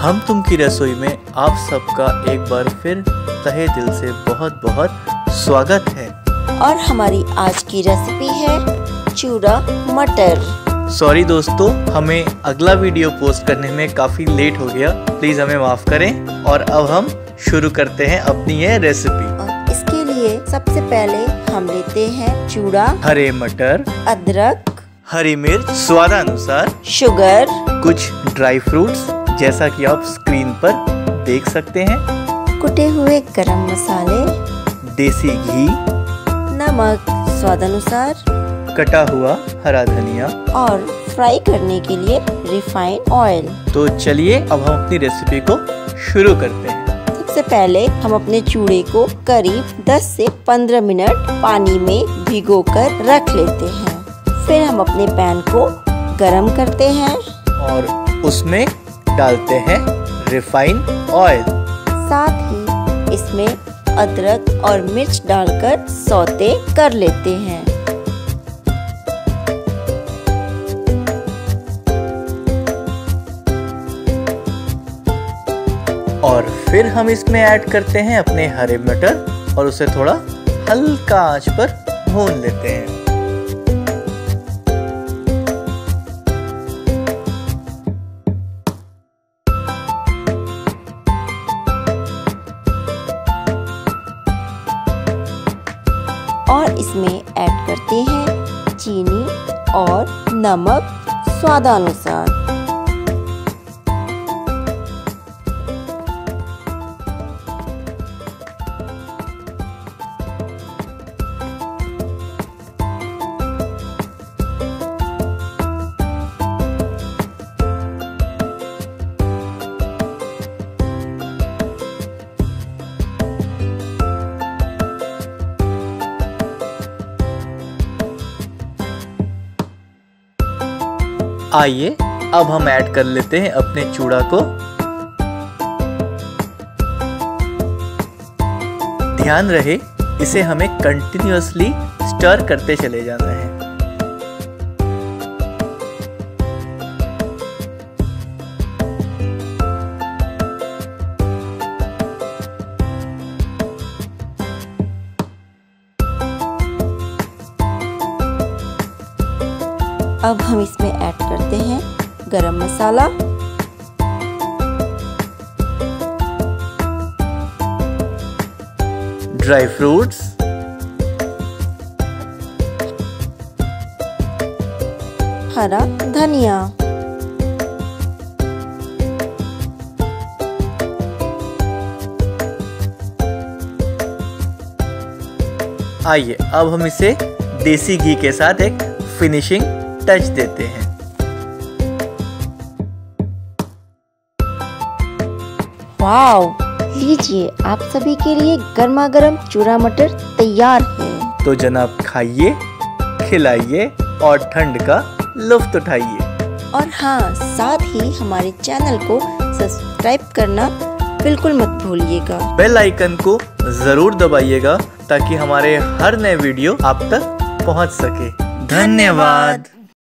हम तुम की रसोई में आप सबका एक बार फिर तहे दिल से बहुत बहुत स्वागत है और हमारी आज की रेसिपी है चूरा मटर सॉरी दोस्तों हमें अगला वीडियो पोस्ट करने में काफ़ी लेट हो गया प्लीज़ हमें माफ़ करें और अब हम शुरू करते हैं अपनी ये रेसिपी इसके लिए सबसे पहले हम लेते हैं चूड़ा हरे मटर अदरक हरी मिर्च स्वादानुसार शुगर कुछ ड्राई फ्रूट्स जैसा कि आप स्क्रीन पर देख सकते हैं कुटे हुए गरम मसाले देसी घी नमक स्वाद अनुसार कटा हुआ हरा धनिया और फ्राई करने के लिए रिफाइंड ऑयल तो चलिए अब हम अपनी रेसिपी को शुरू करते हैं सबसे पहले हम अपने चूड़े को करीब 10 से 15 मिनट पानी में भिगोकर रख लेते हैं फिर हम अपने पैन को गरम करते हैं और उसमें डालते हैं रिफाइन ऑयल साथ ही इसमें अदरक और मिर्च डालकर सौते कर लेते हैं और फिर हम इसमें ऐड करते हैं अपने हरे मटर और उसे थोड़ा हल्का आंच पर भून लेते हैं और इसमें ऐड करते हैं चीनी और नमक स्वादानुसार आइए अब हम ऐड कर लेते हैं अपने चूड़ा को ध्यान रहे इसे हमें कंटिन्यूसली स्टर करते चले जाना है अब हम इसमें ऐड करते हैं गरम मसाला ड्राई फ्रूट्स हरा धनिया आइए अब हम इसे देसी घी के साथ एक फिनिशिंग टच देते हैं वाओ लीजिए आप सभी के लिए गर्मा गर्म चूरा मटर तैयार है तो जनाब खाइए खिलाइए और ठंड का लुफ्त उठाइए और हाँ साथ ही हमारे चैनल को सब्सक्राइब करना बिल्कुल मत भूलिएगा बेल आइकन को जरूर दबाइएगा ताकि हमारे हर नए वीडियो आप तक पहुंच सके धन्यवाद